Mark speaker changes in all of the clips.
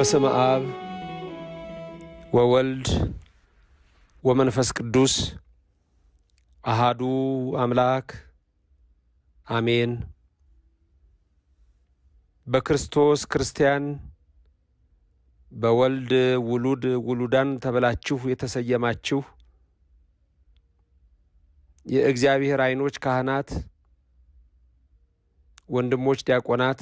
Speaker 1: በስመ አብ ወወልድ ወመንፈስ ቅዱስ አሃዱ አምላክ አሜን። በክርስቶስ ክርስቲያን በወልድ ውሉድ ውሉዳን ተብላችሁ የተሰየማችሁ የእግዚአብሔር ዓይኖች ካህናት፣ ወንድሞች ዲያቆናት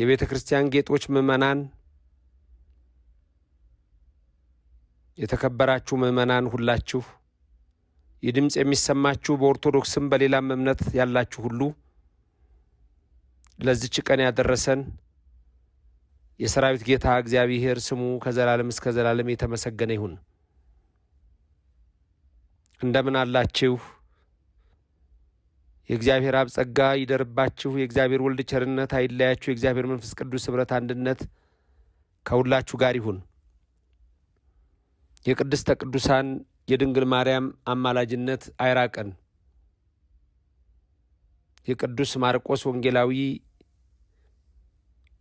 Speaker 1: የቤተ ክርስቲያን ጌጦች ምዕመናን የተከበራችሁ ምዕመናን ሁላችሁ ይህ ድምፅ የሚሰማችሁ በኦርቶዶክስም በሌላም እምነት ያላችሁ ሁሉ ለዚች ቀን ያደረሰን የሰራዊት ጌታ እግዚአብሔር ስሙ ከዘላለም እስከ ዘላለም የተመሰገነ ይሁን። እንደምን አላችሁ? የእግዚአብሔር አብ ጸጋ ይደርባችሁ። የእግዚአብሔር ወልድ ቸርነት አይለያችሁ። የእግዚአብሔር መንፈስ ቅዱስ ኅብረት አንድነት ከሁላችሁ ጋር ይሁን። የቅድስተ ቅዱሳን የድንግል ማርያም አማላጅነት አይራቀን። የቅዱስ ማርቆስ ወንጌላዊ፣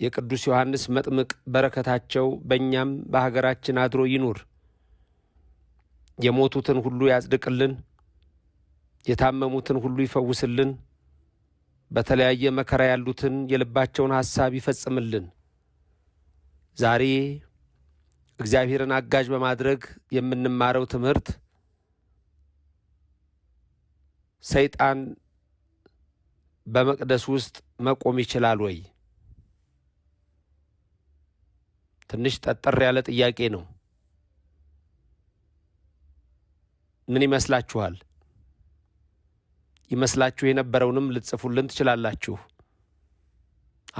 Speaker 1: የቅዱስ ዮሐንስ መጥምቅ በረከታቸው በእኛም በሀገራችን አድሮ ይኑር። የሞቱትን ሁሉ ያጽድቅልን። የታመሙትን ሁሉ ይፈውስልን። በተለያየ መከራ ያሉትን የልባቸውን ሐሳብ ይፈጽምልን። ዛሬ እግዚአብሔርን አጋዥ በማድረግ የምንማረው ትምህርት ሰይጣን በመቅደስ ውስጥ መቆም ይችላል ወይ? ትንሽ ጠጠር ያለ ጥያቄ ነው። ምን ይመስላችኋል? ይመስላችሁ የነበረውንም ልትጽፉልን ትችላላችሁ።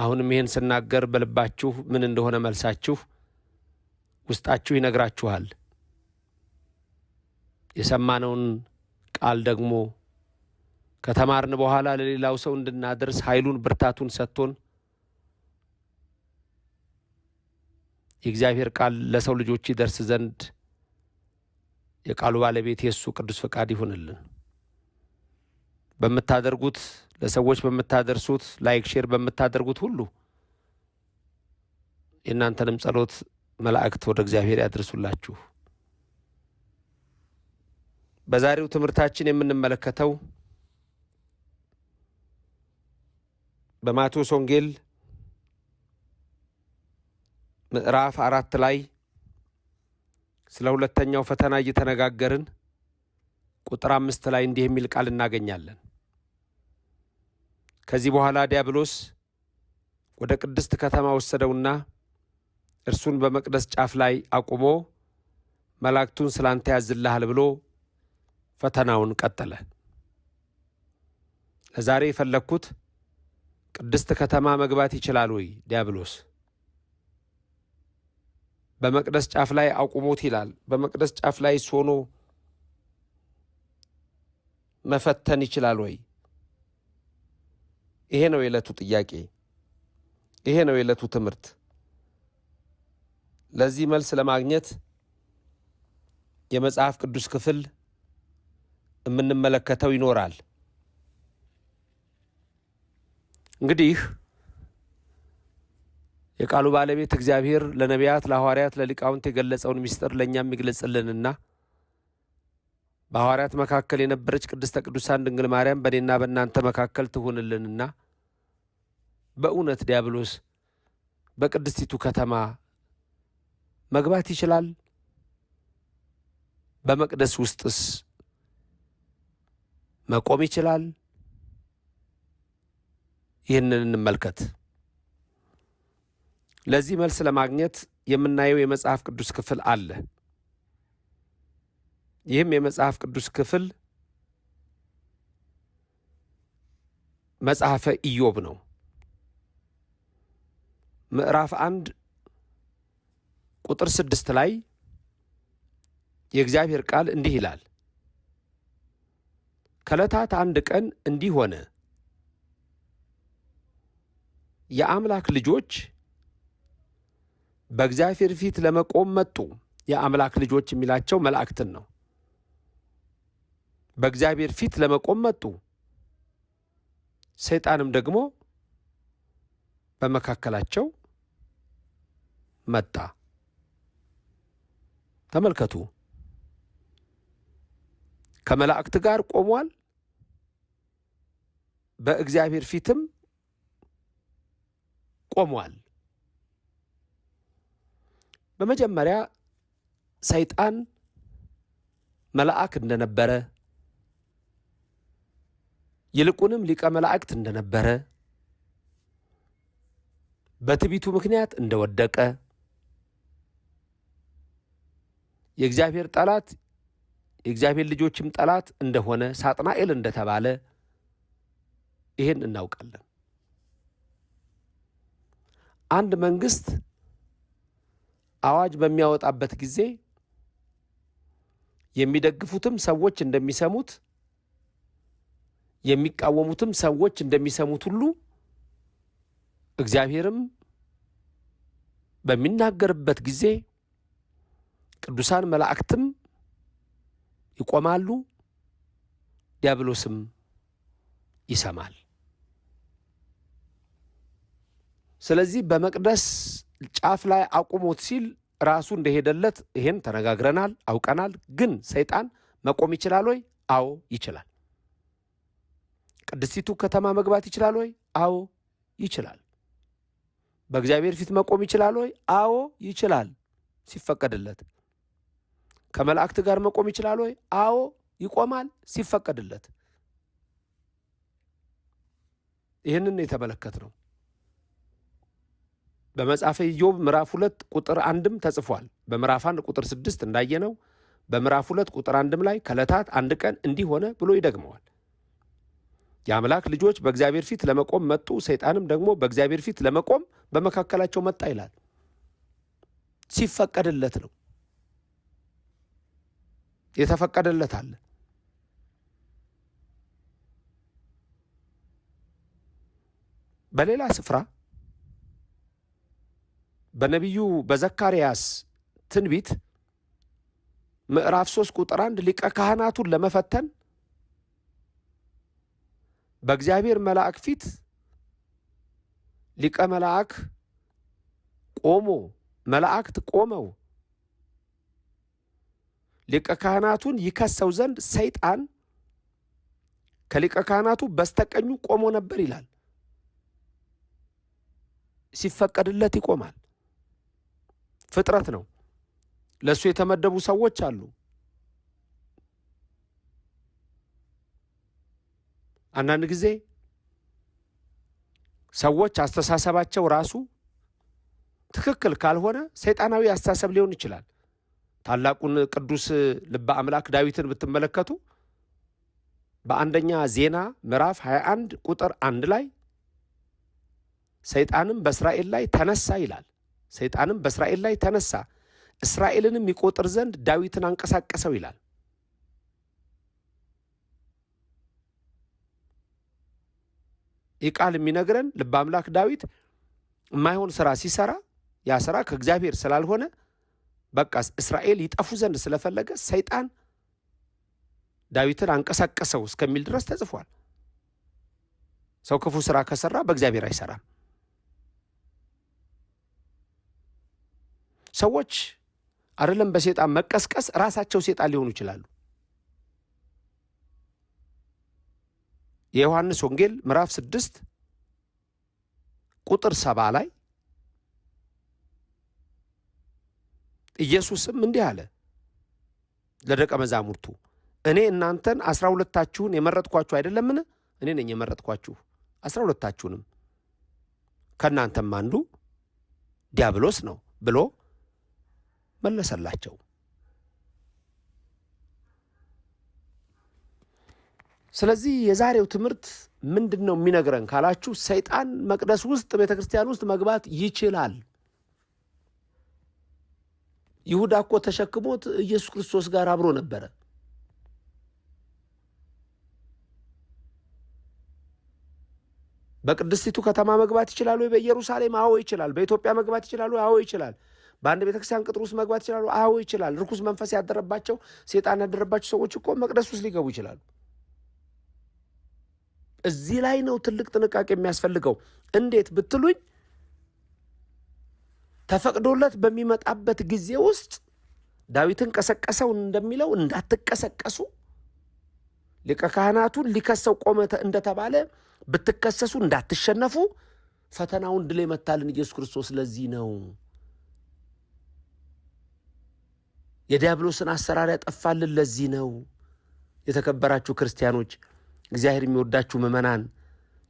Speaker 1: አሁንም ይህን ስናገር በልባችሁ ምን እንደሆነ መልሳችሁ ውስጣችሁ ይነግራችኋል። የሰማነውን ቃል ደግሞ ከተማርን በኋላ ለሌላው ሰው እንድናደርስ ኃይሉን ብርታቱን ሰጥቶን የእግዚአብሔር ቃል ለሰው ልጆች ይደርስ ዘንድ የቃሉ ባለቤት የእሱ ቅዱስ ፈቃድ ይሁንልን። በምታደርጉት ለሰዎች በምታደርሱት ላይክ ሼር በምታደርጉት ሁሉ የእናንተንም ጸሎት መላእክት ወደ እግዚአብሔር ያድርሱላችሁ። በዛሬው ትምህርታችን የምንመለከተው በማቴዎስ ወንጌል ምዕራፍ አራት ላይ ስለ ሁለተኛው ፈተና እየተነጋገርን ቁጥር አምስት ላይ እንዲህ የሚል ቃል እናገኛለን። ከዚህ በኋላ ዲያብሎስ ወደ ቅድስት ከተማ ወሰደውና እርሱን በመቅደስ ጫፍ ላይ አቁሞ መላእክቱን ስላንተ ያዝልሃል ብሎ ፈተናውን ቀጠለ። ለዛሬ የፈለግኩት ቅድስት ከተማ መግባት ይችላል ወይ? ዲያብሎስ በመቅደስ ጫፍ ላይ አቁሞት ይላል። በመቅደስ ጫፍ ላይ ሆኖ መፈተን ይችላል ወይ? ይሄ ነው የዕለቱ ጥያቄ። ይሄ ነው የዕለቱ ትምህርት። ለዚህ መልስ ለማግኘት የመጽሐፍ ቅዱስ ክፍል የምንመለከተው ይኖራል። እንግዲህ የቃሉ ባለቤት እግዚአብሔር ለነቢያት፣ ለሐዋርያት፣ ለሊቃውንት የገለጸውን ምስጢር ለእኛም ይግለጽልንና በሐዋርያት መካከል የነበረች ቅድስተ ቅዱሳን ድንግል ማርያም በእኔና በእናንተ መካከል ትሁንልንና በእውነት ዲያብሎስ በቅድስቲቱ ከተማ መግባት ይችላል? በመቅደስ ውስጥስ መቆም ይችላል? ይህንን እንመልከት። ለዚህ መልስ ለማግኘት የምናየው የመጽሐፍ ቅዱስ ክፍል አለ። ይህም የመጽሐፍ ቅዱስ ክፍል መጽሐፈ ኢዮብ ነው። ምዕራፍ አንድ ቁጥር ስድስት ላይ የእግዚአብሔር ቃል እንዲህ ይላል። ከዕለታት አንድ ቀን እንዲህ ሆነ፣ የአምላክ ልጆች በእግዚአብሔር ፊት ለመቆም መጡ። የአምላክ ልጆች የሚላቸው መላእክትን ነው። በእግዚአብሔር ፊት ለመቆም መጡ። ሰይጣንም ደግሞ በመካከላቸው መጣ። ተመልከቱ፣ ከመላእክት ጋር ቆሟል። በእግዚአብሔር ፊትም ቆሟል። በመጀመሪያ ሰይጣን መልአክ እንደነበረ ይልቁንም ሊቀ መላእክት እንደነበረ በትቢቱ ምክንያት እንደወደቀ የእግዚአብሔር ጠላት የእግዚአብሔር ልጆችም ጠላት እንደሆነ ሳጥናኤል እንደተባለ ይህን እናውቃለን። አንድ መንግስት አዋጅ በሚያወጣበት ጊዜ የሚደግፉትም ሰዎች እንደሚሰሙት የሚቃወሙትም ሰዎች እንደሚሰሙት ሁሉ እግዚአብሔርም በሚናገርበት ጊዜ ቅዱሳን መላእክትም ይቆማሉ፣ ዲያብሎስም ይሰማል። ስለዚህ በመቅደስ ጫፍ ላይ አቁሞት ሲል ራሱ እንደሄደለት ይሄን ተነጋግረናል፣ አውቀናል። ግን ሰይጣን መቆም ይችላል ወይ? አዎ ይችላል። ቅድስቲቱ ከተማ መግባት ይችላል ወይ? አዎ ይችላል። በእግዚአብሔር ፊት መቆም ይችላል ወይ? አዎ ይችላል፣ ሲፈቀድለት። ከመላእክት ጋር መቆም ይችላል ወይ? አዎ ይቆማል፣ ሲፈቀድለት። ይህንን የተመለከት ነው። በመጽሐፈ ኢዮብ ምዕራፍ ሁለት ቁጥር አንድም ተጽፏል። በምዕራፍ አንድ ቁጥር ስድስት እንዳየነው በምዕራፍ ሁለት ቁጥር አንድም ላይ ከዕለታት አንድ ቀን እንዲህ ሆነ ብሎ ይደግመዋል። የአምላክ ልጆች በእግዚአብሔር ፊት ለመቆም መጡ፣ ሰይጣንም ደግሞ በእግዚአብሔር ፊት ለመቆም በመካከላቸው መጣ ይላል። ሲፈቀድለት ነው። የተፈቀደለት አለ። በሌላ ስፍራ በነቢዩ በዘካርያስ ትንቢት ምዕራፍ ሶስት ቁጥር አንድ ሊቀ ካህናቱን ለመፈተን በእግዚአብሔር መልአክ ፊት ሊቀ መልአክ ቆሞ መላእክት ቆመው ሊቀ ካህናቱን ይከሰው ዘንድ ሰይጣን ከሊቀ ካህናቱ በስተቀኙ ቆሞ ነበር ይላል። ሲፈቀድለት ይቆማል። ፍጥረት ነው። ለእሱ የተመደቡ ሰዎች አሉ። አንዳንድ ጊዜ ሰዎች አስተሳሰባቸው ራሱ ትክክል ካልሆነ ሰይጣናዊ አስተሳሰብ ሊሆን ይችላል። ታላቁን ቅዱስ ልበ አምላክ ዳዊትን ብትመለከቱ በአንደኛ ዜና ምዕራፍ 21 ቁጥር አንድ ላይ ሰይጣንም በእስራኤል ላይ ተነሳ ይላል። ሰይጣንም በእስራኤል ላይ ተነሳ፣ እስራኤልንም ይቆጥር ዘንድ ዳዊትን አንቀሳቀሰው ይላል። ይህ ቃል የሚነግረን ልበ አምላክ ዳዊት የማይሆን ስራ ሲሰራ ያ ስራ ከእግዚአብሔር ስላልሆነ በቃ እስራኤል ይጠፉ ዘንድ ስለፈለገ ሰይጣን ዳዊትን አንቀሳቀሰው እስከሚል ድረስ ተጽፏል። ሰው ክፉ ስራ ከሰራ በእግዚአብሔር አይሰራም። ሰዎች አይደለም በሴጣን መቀስቀስ ራሳቸው ሴጣን ሊሆኑ ይችላሉ። የዮሐንስ ወንጌል ምዕራፍ ስድስት ቁጥር ሰባ ላይ ኢየሱስም እንዲህ አለ ለደቀ መዛሙርቱ እኔ እናንተን አስራ ሁለታችሁን የመረጥኳችሁ አይደለምን? እኔ ነኝ የመረጥኳችሁ አስራ ሁለታችሁንም ከእናንተም አንዱ ዲያብሎስ ነው ብሎ መለሰላቸው። ስለዚህ የዛሬው ትምህርት ምንድን ነው የሚነግረን ካላችሁ፣ ሰይጣን መቅደስ ውስጥ ቤተ ክርስቲያን ውስጥ መግባት ይችላል። ይሁዳ እኮ ተሸክሞት ኢየሱስ ክርስቶስ ጋር አብሮ ነበረ። በቅድስቲቱ ከተማ መግባት ይችላሉ ወይ? በኢየሩሳሌም? አዎ ይችላል። በኢትዮጵያ መግባት ይችላሉ? አዎ ይችላል። በአንድ ቤተክርስቲያን ቅጥር ውስጥ መግባት ይችላሉ? አዎ ይችላል። ርኩስ መንፈስ ያደረባቸው ሴጣን ያደረባቸው ሰዎች እኮ መቅደስ ውስጥ ሊገቡ ይችላሉ። እዚህ ላይ ነው ትልቅ ጥንቃቄ የሚያስፈልገው። እንዴት ብትሉኝ ተፈቅዶለት በሚመጣበት ጊዜ ውስጥ ዳዊትን ቀሰቀሰው እንደሚለው እንዳትቀሰቀሱ ሊቀ ካህናቱን ሊከሰው ቆመ እንደተባለ ብትከሰሱ እንዳትሸነፉ ፈተናውን ድል የመታልን ኢየሱስ ክርስቶስ ለዚህ ነው የዲያብሎስን አሰራር ያጠፋልን። ለዚህ ነው የተከበራችሁ ክርስቲያኖች እግዚአብሔር የሚወዳችሁ ምእመናን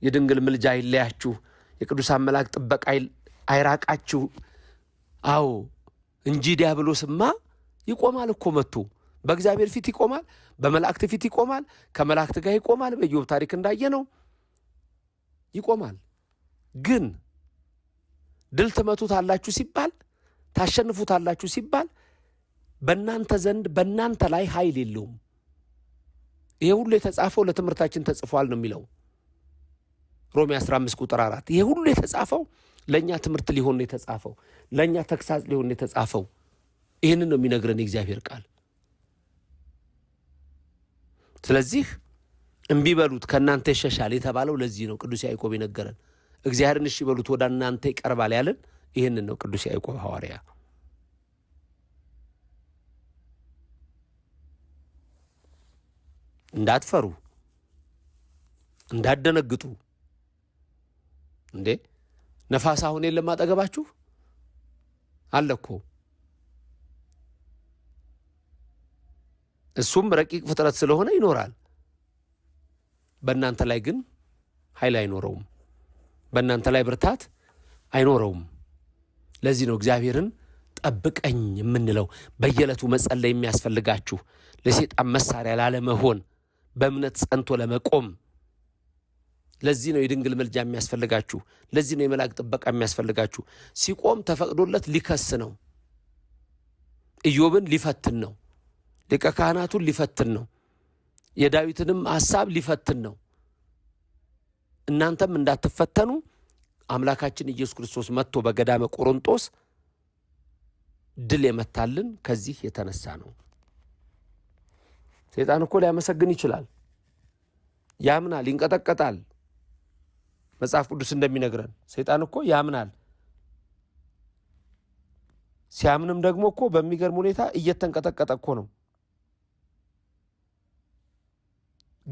Speaker 1: የድንግል ምልጃ አይለያችሁ፣ የቅዱሳን መላእክት ጥበቃ አይራቃችሁ። አዎ እንጂ ዲያብሎስማ ይቆማል እኮ መጥቶ በእግዚአብሔር ፊት ይቆማል፣ በመላእክት ፊት ይቆማል፣ ከመላእክት ጋር ይቆማል። በኢዮብ ታሪክ እንዳየ ነው ይቆማል። ግን ድል ትመቱታላችሁ ሲባል አላችሁ ሲባል በእናንተ ዘንድ በእናንተ ላይ ኃይል የለውም። ይሄ ሁሉ የተጻፈው ለትምህርታችን ተጽፏል ነው የሚለው ሮሜ 15 ቁጥር 4 ይሄ ሁሉ የተጻፈው ለእኛ ትምህርት ሊሆን የተጻፈው ለእኛ ተግሳጽ ሊሆን የተጻፈው ይህንን ነው የሚነግረን የእግዚአብሔር ቃል። ስለዚህ እምቢ በሉት ከእናንተ ይሸሻል የተባለው ለዚህ ነው። ቅዱስ ያዕቆብ የነገረን እግዚአብሔርን እሺ በሉት ወደ እናንተ ይቀርባል ያለን ይህንን ነው። ቅዱስ ያዕቆብ ሐዋርያ እንዳትፈሩ፣ እንዳደነግጡ። እንዴ ነፋስ አሁን የለም አጠገባችሁ አለ እኮ እሱም ረቂቅ ፍጥረት ስለሆነ ይኖራል። በእናንተ ላይ ግን ኃይል አይኖረውም። በእናንተ ላይ ብርታት አይኖረውም። ለዚህ ነው እግዚአብሔርን ጠብቀኝ የምንለው። በየዕለቱ መጸለይ የሚያስፈልጋችሁ ለሴጣን መሳሪያ ላለመሆን በእምነት ጸንቶ ለመቆም ለዚህ ነው የድንግል መልጃ የሚያስፈልጋችሁ። ለዚህ ነው የመላክ ጥበቃ የሚያስፈልጋችሁ። ሲቆም ተፈቅዶለት ሊከስ ነው። ኢዮብን ሊፈትን ነው። ሊቀ ካህናቱን ሊፈትን ነው። የዳዊትንም ሐሳብ ሊፈትን ነው። እናንተም እንዳትፈተኑ አምላካችን ኢየሱስ ክርስቶስ መጥቶ በገዳመ ቆሮንጦስ ድል የመታልን ከዚህ የተነሳ ነው። ሴጣን እኮ ሊያመሰግን ይችላል፣ ያምናል፣ ይንቀጠቀጣል። መጽሐፍ ቅዱስ እንደሚነግረን ሴጣን እኮ ያምናል። ሲያምንም ደግሞ እኮ በሚገርም ሁኔታ እየተንቀጠቀጠ እኮ ነው።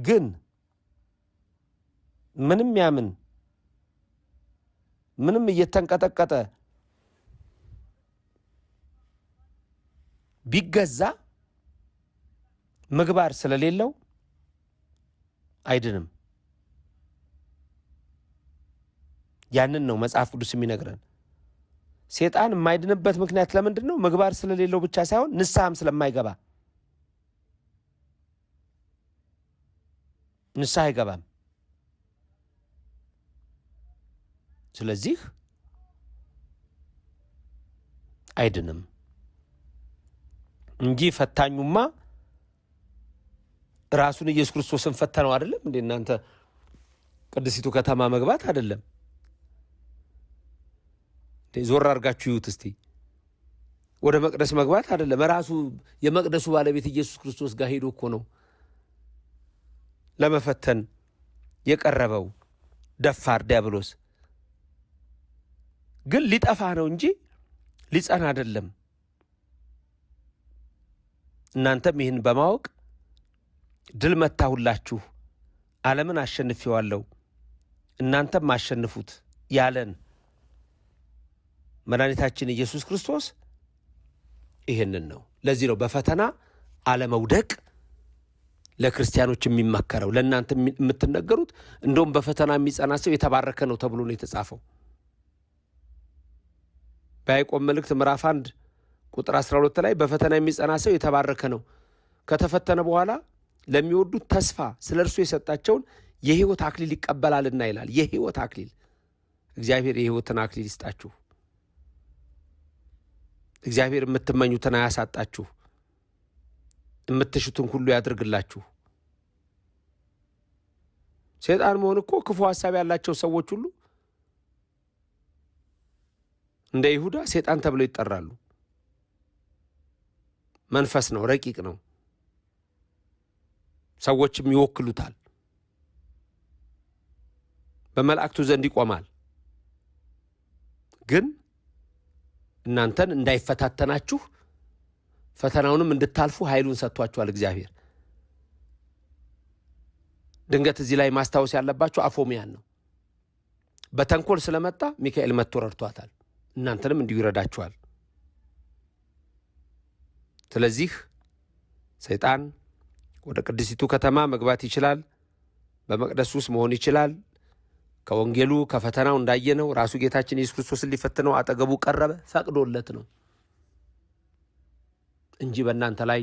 Speaker 1: ግን ምንም ያምን ምንም እየተንቀጠቀጠ ቢገዛ ምግባር ስለሌለው አይድንም። ያንን ነው መጽሐፍ ቅዱስ የሚነግረን። ሴጣን የማይድንበት ምክንያት ለምንድን ነው? ምግባር ስለሌለው ብቻ ሳይሆን ንስሐም ስለማይገባ ንስሐ አይገባም። ስለዚህ አይድንም እንጂ ፈታኙማ ራሱን ኢየሱስ ክርስቶስን ነው አይደለም እንዴ? እናንተ ቅድስቲቱ ከተማ መግባት አይደለም ዞር አድርጋችሁ ይዩት እስቲ። ወደ መቅደስ መግባት አይደለም ራሱ የመቅደሱ ባለቤት ኢየሱስ ክርስቶስ ጋር ሄዶ እኮ ነው ለመፈተን የቀረበው ደፋር ዲያብሎስ። ግን ሊጠፋ ነው እንጂ ሊጸና አይደለም። እናንተም ይህን በማወቅ ድል መታሁላችሁ፣ ዓለምን አሸንፌዋለሁ፣ እናንተም አሸንፉት ያለን መድኃኒታችን ኢየሱስ ክርስቶስ ይህንን ነው። ለዚህ ነው በፈተና አለመውደቅ ለክርስቲያኖች የሚመከረው ለእናንተ የምትነገሩት። እንደውም በፈተና የሚጸና ሰው የተባረከ ነው ተብሎ ነው የተጻፈው። በያዕቆብ መልእክት ምዕራፍ አንድ ቁጥር 12 ላይ በፈተና የሚጸና ሰው የተባረከ ነው ከተፈተነ በኋላ ለሚወዱት ተስፋ ስለ እርሱ የሰጣቸውን የህይወት አክሊል ይቀበላልና ይላል። የህይወት አክሊል እግዚአብሔር የህይወትን አክሊል ይስጣችሁ። እግዚአብሔር የምትመኙትን አያሳጣችሁ፣ የምትሹትን ሁሉ ያድርግላችሁ። ሰይጣን መሆን እኮ ክፉ ሀሳብ ያላቸው ሰዎች ሁሉ እንደ ይሁዳ ሰይጣን ተብለው ይጠራሉ። መንፈስ ነው፣ ረቂቅ ነው። ሰዎችም ይወክሉታል። በመላእክቱ ዘንድ ይቆማል። ግን እናንተን እንዳይፈታተናችሁ ፈተናውንም እንድታልፉ ኃይሉን ሰጥቷችኋል እግዚአብሔር። ድንገት እዚህ ላይ ማስታወስ ያለባችሁ አፎሚያን ነው። በተንኮል ስለመጣ ሚካኤል መጥቶ ረድቷታል። እናንተንም እንዲሁ ይረዳችኋል። ስለዚህ ሰይጣን ወደ ቅድስቲቱ ከተማ መግባት ይችላል። በመቅደስ ውስጥ መሆን ይችላል። ከወንጌሉ ከፈተናው እንዳየነው ራሱ ጌታችን ኢየሱስ ክርስቶስን ሊፈትነው አጠገቡ ቀረበ፣ ፈቅዶለት ነው እንጂ በእናንተ ላይ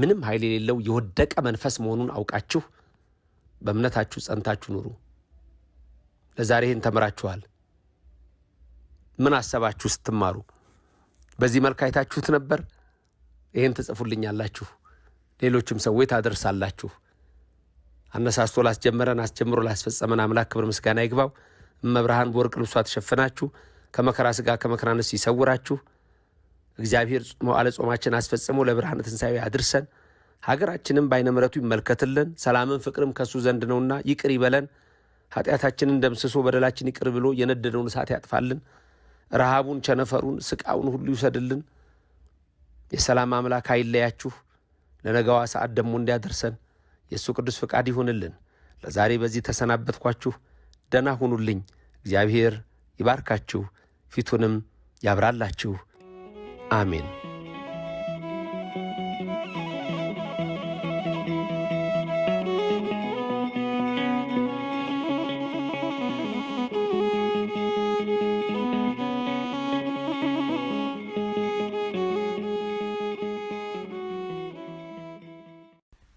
Speaker 1: ምንም ኃይል የሌለው የወደቀ መንፈስ መሆኑን አውቃችሁ በእምነታችሁ ጸንታችሁ ኑሩ። ለዛሬ ይህን ተምራችኋል። ምን አሰባችሁ ስትማሩ? በዚህ መልክ አይታችሁት ነበር? ይህን ትጽፉልኛላችሁ። ሌሎችም ሰዎች ታደርሳላችሁ። አነሳስቶ ላስጀመረን አስጀምሮ ላስፈጸመን አምላክ ክብር ምስጋና ይግባው። እመብርሃን በወርቅ ልብሷ ተሸፍናችሁ ከመከራ ስጋ ከመከራ ነፍስ ይሰውራችሁ። እግዚአብሔር መዋለ ጾማችን አስፈጽሞ ለብርሃነ ትንሣኤ አድርሰን። ሀገራችንም በአይነምረቱ ይመልከትልን። ሰላምን ፍቅርም ከእሱ ዘንድ ነውና ይቅር ይበለን። ኃጢአታችንን ደምስሶ በደላችን ይቅር ብሎ የነደደውን እሳት ያጥፋልን። ረሃቡን፣ ቸነፈሩን፣ ስቃውን ሁሉ ይውሰድልን። የሰላም አምላክ አይለያችሁ። ለነገዋ ሰዓት ደግሞ እንዲያደርሰን የእሱ ቅዱስ ፍቃድ ይሁንልን። ለዛሬ በዚህ ተሰናበትኳችሁ። ደህና ሁኑልኝ። እግዚአብሔር ይባርካችሁ፣ ፊቱንም ያብራላችሁ። አሜን።